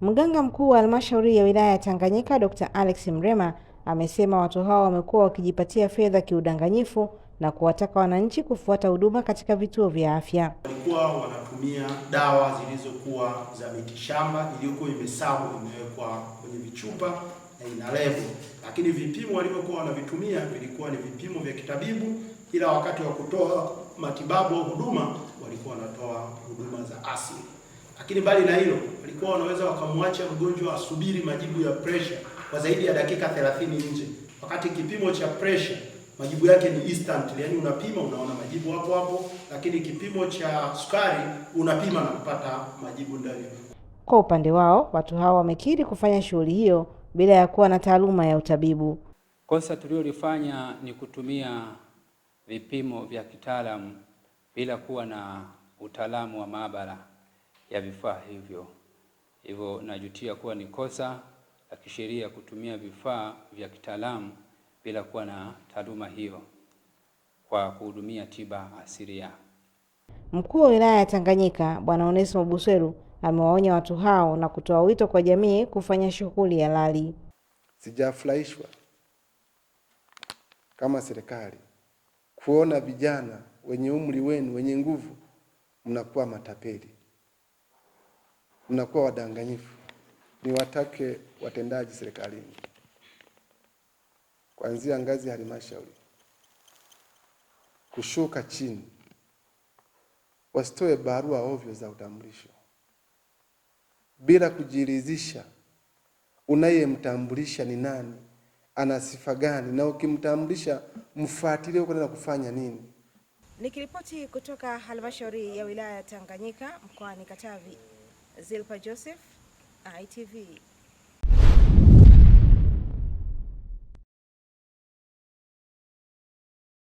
Mganga mkuu wa halmashauri ya wilaya ya Tanganyika Dr. Alex Mrema amesema watu hao wamekuwa wakijipatia fedha kiudanganyifu na kuwataka wananchi kufuata huduma katika vituo vya afya. Walikuwa wanatumia dawa zilizokuwa za mitishamba iliyokuwa imesabu imewekwa kwenye vichupa na ina lebo, lakini vipimo walivyokuwa wanavitumia vilikuwa ni vipimo vya kitabibu, ila wakati wa kutoa matibabu au huduma walikuwa wanatoa huduma za asili. Lakini mbali na hilo ilikuwa wanaweza wakamwacha mgonjwa asubiri majibu ya pressure kwa zaidi ya dakika 30 nje, wakati kipimo cha pressure majibu yake ni instant, yani unapima unaona majibu hapo hapo, lakini kipimo cha sukari unapima na kupata majibu ndani. Kwa upande wao, watu hao wamekiri kufanya shughuli hiyo bila ya kuwa na taaluma ya utabibu. Kosa tuliolifanya ni kutumia vipimo vya kitaalamu bila kuwa na utaalamu wa maabara ya vifaa hivyo. Hivyo najutia kuwa ni kosa la kisheria kutumia vifaa vya kitaalamu bila kuwa na taaluma hiyo kwa kuhudumia tiba asilia. Mkuu wa wilaya ya Tanganyika Bwana Onesimo Buswelu amewaonya watu hao na kutoa wito kwa jamii kufanya shughuli halali. Sijafurahishwa kama serikali kuona vijana wenye umri wenu wenye nguvu mnakuwa matapeli mnakuwa wadanganyifu. ni watake watendaji serikalini kuanzia ngazi ya halmashauri kushuka chini, wasitoe barua ovyo za utambulisho bila kujiridhisha unayemtambulisha ni nani, ana sifa gani, na ukimtambulisha mfuatilie huko na kufanya nini. Nikiripoti kutoka halmashauri ya wilaya ya Tanganyika mkoani Katavi. Zilpa Joseph, ITV.